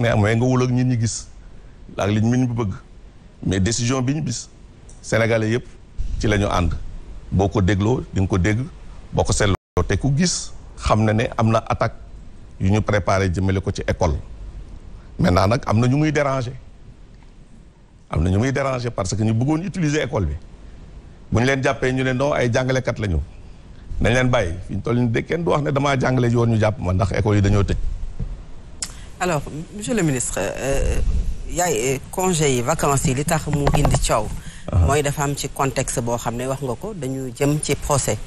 nekk ne mooy nga wul ak ñun ñu gis ak liñ min bu bëgg mais décision bi ñu bis sénégalais yëpp ci lañu ñu ànd boo ko dégloo di nga ko dégg boo ko seetloo te ku gis xam na ne am na attaque yu ñu préparé jëmale ko ci école maintenant nag am na ñu muy déranger am na ñu muy déranger parce que ñu bëggoon utiliser école bi bu ñu leen jàppee ñu ne non ay jàngalekat la ñu nañ leen bàyyi fi ñu toll nii de kenn du wax ne dama jàngale ji woon ñu jàpp ma ndax école yi dañoo tëj alors monsieur le ministre euh, yaay euh, congé yi vacances yi li tax mu indi coow. Ah. mooy dafa am ci contexte boo xam ne wax nga ko dañu jëm ci procès.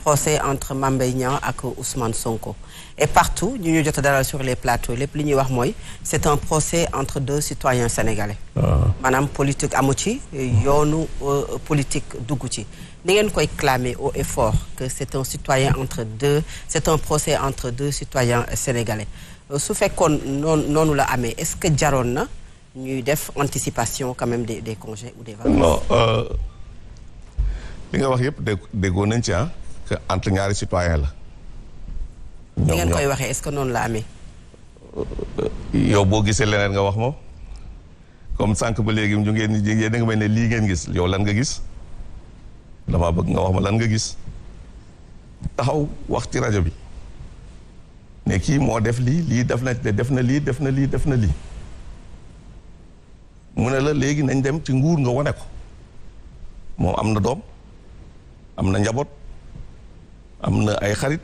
procès entre Mame Mbaye ak Ousmane Sonko et partout ñu ñu jot a dalal sur les plateaux lépp li ñuy wax mooy c'est un procès entre deux citoyens sénégalais ah. maanaam politique amu ci yoonu euh, politique dugg ci ni ngeen koy clamer au et fort que c'est un citoyen entre deux c'est un procès entre deux citoyens sénégalais su fekkoon noonu noonu la amee est-ce que jaroon na ñuy def anticipation quand même des des congés des vacances. Euh, li nga wax yëpp dé déggoo nañ ci ah que entre ñaari citoyen la. ñoom ngeen koy waxee est-ce que noonu la amee. Euh, yow boo gisee leneen nga wax ma comme sànq ba léegi ñu ngeen yéen a ngi may ne lii ngeen gis yow lan nga gis damaa bëgg nga wax ma lan nga gis taxaw wax ci rajo bi. ne kii moo def lii lii def na def na lii def na lii def na lii mu ne la léegi nañ dem ci nguur nga wane ko moom am na doom am na njaboot am na ay xarit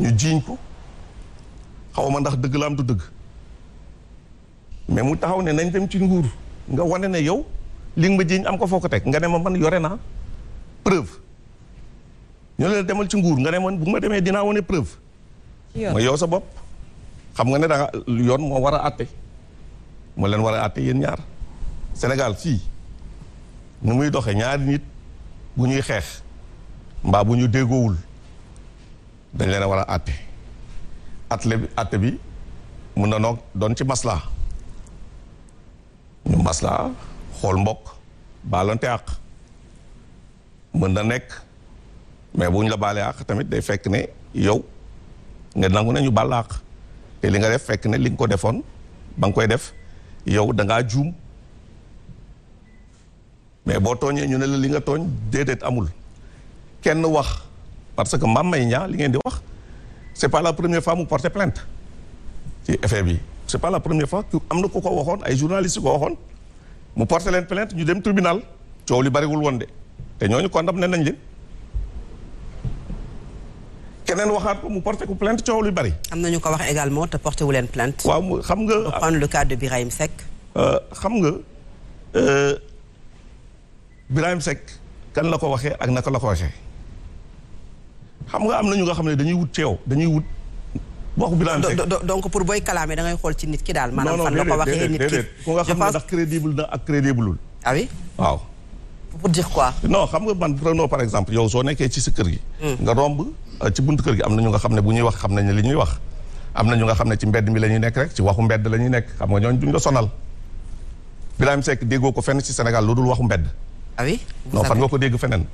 ñu jiiñ ko xaw ma ndax dëgg la am du dëgg mais mu taxaw ne nañ dem ci nguur nga wane ne yow lii nga ma jiiñ am ko foo ko teg nga ne ma man yore naa preuve ñu leen demal ci nguur nga ne man bu ma demee dinaa wane preuve mooy yow sa bopp xam nga ne da yoon moo war a àtte moo leen war a àtte yéen ñaar Sénégal fii nu muy doxe ñaari nit bu ñuy xeex mbaa bu ñu déggowul dañ leen war a àtte atle bi àtte bi mun na noog doon ci masla ñu maslaa xool mbokk baalante àq mën na nekk mais bu ñu la baalee àq tamit day fekk ne yow nga nangu ne ñu bàllaaq te li nga def fekk ne li nga ko defoon ba nga koy def yow da ngaa juum mais boo tooñee ñu ne la li nga tooñ déedéet amul kenn wax parce que maam Mbaye Niang li ngeen di wax c'est pas la première fois mu porté plainte ci effet bi c'est pas la première fois am na ku ko waxoon ay journalistes yu ko waxoon mu porté leen plainte ñu dem tribunal coow li bariwul woon de te ñooñu kon dam ne nañ leen keneen waxaat ko mu porté ko plainte coow lu bari. am na ñu ko wax également te porte wu leen plainte. waaw xam nga pour prendre le cas de Birahim Seck. Euh, xam nga euh, Birahim Seck kan la ko waxee ak naka la ko waxee xam nga am na ñu nga xam ne dañuy wut ceew dañuy wut. waxu Birahim Seck donc pour booy kalaame da ngay xool ci nit ki daal. maanaam fan la ko waxee nit ki ku nga xam ne ndax crédible na ak crédibleul. ah waaw. pour dire quoi. non xam nga man prenons par exemple yow soo nekkee ci sa kër gi. nga romb euh, ci buntu kër gi am na ñu nga xam ne bu ñuy wax xam nañ li ñuy wax. am na ñu nga xam ne ci mbedd mi la ñuy nekk rek ci waxu mbedd la ñuy nekk xam nga ñooñu duñ la sonal. Birahim Seck déggoo ko fenn ci Sénégal lu dul waxu mbedd. ah oui non fan nga ko dégg feneen.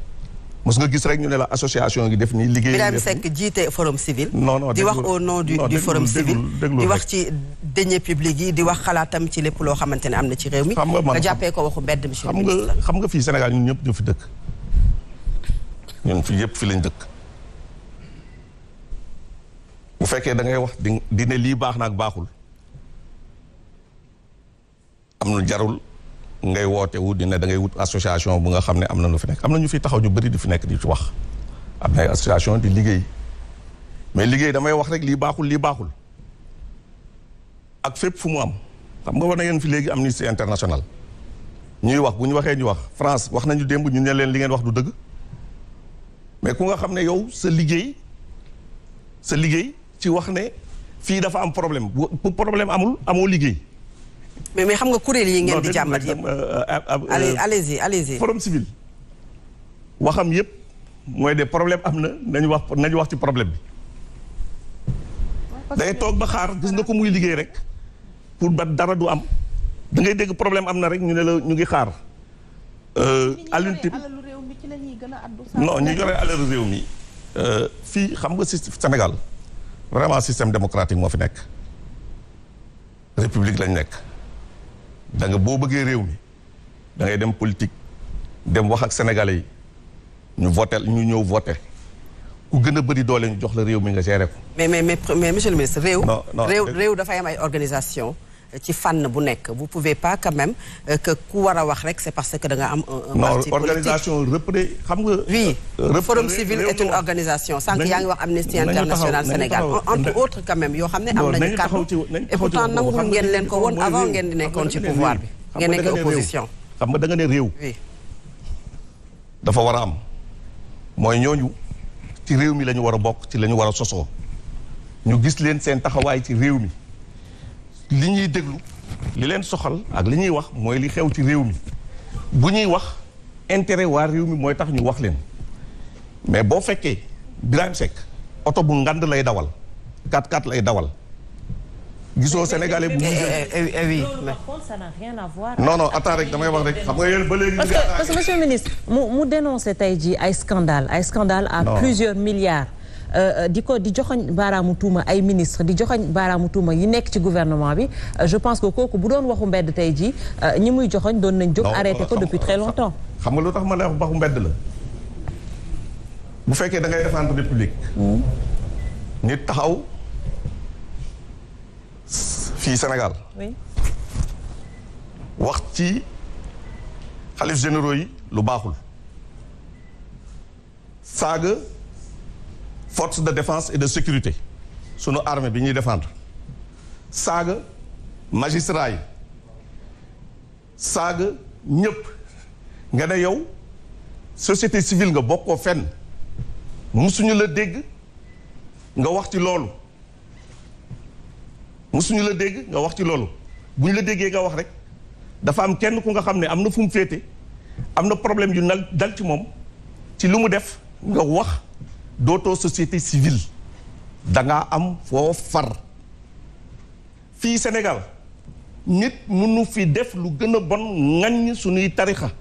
mos nga gis rek ñu ne la association ngi def nii liggéey. Birame Seck jiite forum civil. non di wax au nom du du forum civil. di wax ci deniers yi di wax xalaatam ci lépp loo xamante ne am na ci réew mi. xam nga man jàppee ko waxu mbedd monsieur le ministre. xam nga xam nga fii Sénégal ñun ñëpp ñu fi dëkk. ñun fii yëpp fi lañ dëkk. bu fekkee da ngay wax di ne lii baax nag baaxul. am na jarul. ngay woote wu dina da ngay wut association bu nga xam ne am na lu fi nekk am na ñu fi taxaw ñu bëri di fi nekk di ci wax am na ay association di liggéey mais liggéey damay wax rek lii baaxul lii baaxul ak fépp fu mu am xam nga war na ngeen fi léegi Amnesty International ñuy wax bu ñu waxee ñu wax France wax nañu démb ñu ne leen li ngeen wax du dëgg mais ku nga xam ne yow sa liggéey sa liggéey ci wax ne fii dafa am problème bu problème amul amoo liggéey mais mais xam nga kuréel yi ngeen di jàmbat yëpp euh, euh, euh, allez-y allez-y forum civil waxam yëpp mooy de problème am na nañu wax nañu wax ci problème bi day toog ba xaar gis nga ko muy liggéey rek pour ba dara du am da ngay dégg problème am na rek ñu ne la ñu ngi xaar Alioune Tine non ñu yore alalu réew mi fii xam nga si Sénégal vraiment système démocratique moo fi nekk république lañu nekk da nga boo bëggee réew mi da ngay dem politique dem wax ak sénégalais yi ñu voté ñu ñëw voté ku gën a bëri doole ñu jox la réew mi nga géré ko. mais mais mais monsieur le ministre réew. non réew réew dafay am ay organisation ci fànn bu nekk vous pouvez pas quand même euh, que ku war a wax rek c'est parce que da nga am un parti politique non organisation xam nga oui euh, forum civil est une organisation sànq yaa ngi wax Amnesty International Sénégal entre autres quand même yoo xam ne am nañu kàddu et pourtant nangul ngeen leen ko woon avant ngeen di nekkoon ci pouvoir bi ngeen nekk opposition xam nga danga nga ne réew dafa war a am mooy ñooñu ci réew mi lañu ñu war a bokk ci lañu war a sosoo ñu gis leen seen taxawaay ci réew mi li ñuy déglu li leen soxal ak li ñuy wax mooy li xew ci réew mi bu ñuy wax intérêt waa réew mi mooy tax ñu wax leen mais boo fekkee Birahim Seck oto bu ngand lay dawal 4 x lay dawal gisoo sénégalais bu muy jël eh, eh, eh, oui ça n'a rien à voir non non attends rek damay wax rek xam nga yéen ba léegi parce que parce que monsieur le ministre mu mu dénoncé tey jii ay scandale ay scandale à plusieurs milliards Euh, di ko di joxoñ baaraamu tuuma ay ministre di joxoñ baaraamu tuuma yi nekk ci gouvernement bi euh, je pense que kooku bu doon waxu mbedd tey jii euh, ñi muy joxoñ doon nañ jóg arrêté ko depuis très longtemps xam nga lu tax ma lay wax waxu mbedd la bu fekkee dangay ngay défendre république hmm. nit taxaw fii Sénégal wax ci xalif généraux yi lu baaxul saaga force de défense et de sécurité sunu armée bi ñuy défendre saaga magistrat yi saaga ñëpp nga ne yow société civile nga bokkoo fenn musuñu la dégg nga wax ci loolu musuñu la dégg nga wax ci loolu bu ñu la déggee nga wax rek dafa am kenn ku nga xam ne am na fu mu féete am na problème yu nal dal ci moom ci lu mu def nga wax dootoo société civile da nga am foo far fii Sénégal nit munu fi def lu gën a bon ŋaññ suñuy tarixa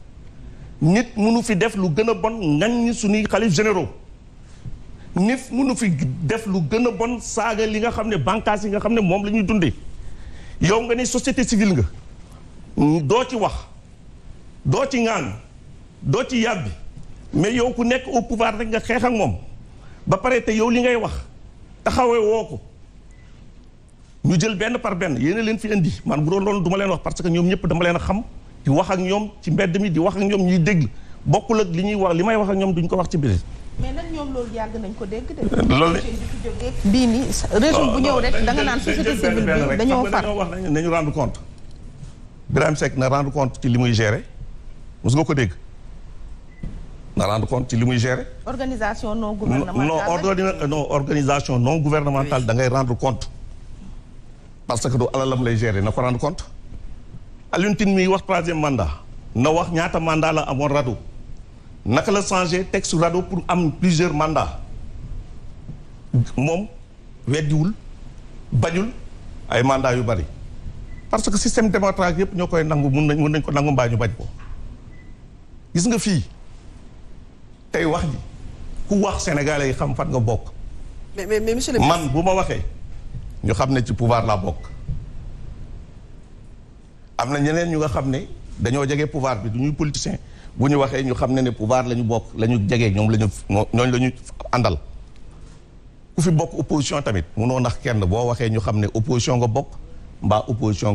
nit munu fi def lu gën a bon ŋaññ suñuy xalif généro nit munu fi def lu gën a bon saaga li nga xam ne bànkaas yi nga xam ne moom la ñuy dundee yow nga ne société civile nga doo ci wax doo ci ŋaan doo ci yàbbi mais yow ku nekk au pouvoir rek nga xeex ak moom ba pare te yow li ngay wax taxawee woo ko ñu jël benn par benn yéen leen fi indi man bu doon loolu duma leen wax parce que ñoom ñëpp dama leen xam di wax ak ñoom ci mbedd mi di wax ak ñoom ñuy dégg bokkul ak li ñuy wax li may wax ak ñoom duñ ko wax ci biir. mais nag ñoom loolu yàgg nañ ko dégg de. loolu bii nii régime bu ñëw rek danga naan société far dañoo wax nañu rendre compte. Birame Seck na rendre compte ci li muy gérer mos nga ko dégg. na rendre compte ci li muy gérer. organisation non gouvernementale non non organisation non gouvernementale da ngay rendre compte. parce que du alalam lay gérer na ko rendre compte. Alioune Tine wax troisième mandat. na wax ñaata mandat la amoon RADDHO. naka la changé texte RADDHO pour am plusieurs mandats. moom weddiwul bañul ay mandats yu bari. parce que système démocratique yëpp ñoo koy nangu mun nañ mun nañ ko nangu mbaa ñu bañ ko. gis nga fii. tey wax ji ku wax sénégalais yi xam fan nga bokk. mais mais monsieur man bu ma waxee ñu xam ne ci pouvoir laa bokk. am na ñeneen ñu nga xam ne dañoo jege pouvoir bi du ñuy politicien bu ñu waxee ñu xam ne ne pouvoir la ñu bokk la ñu jege ñoom lañu ñu ñooñu la ñu àndal. ku fi bokk opposition tamit munoo ndax kenn boo waxee ñu xam ne opposition nga bokk mbaa opposition.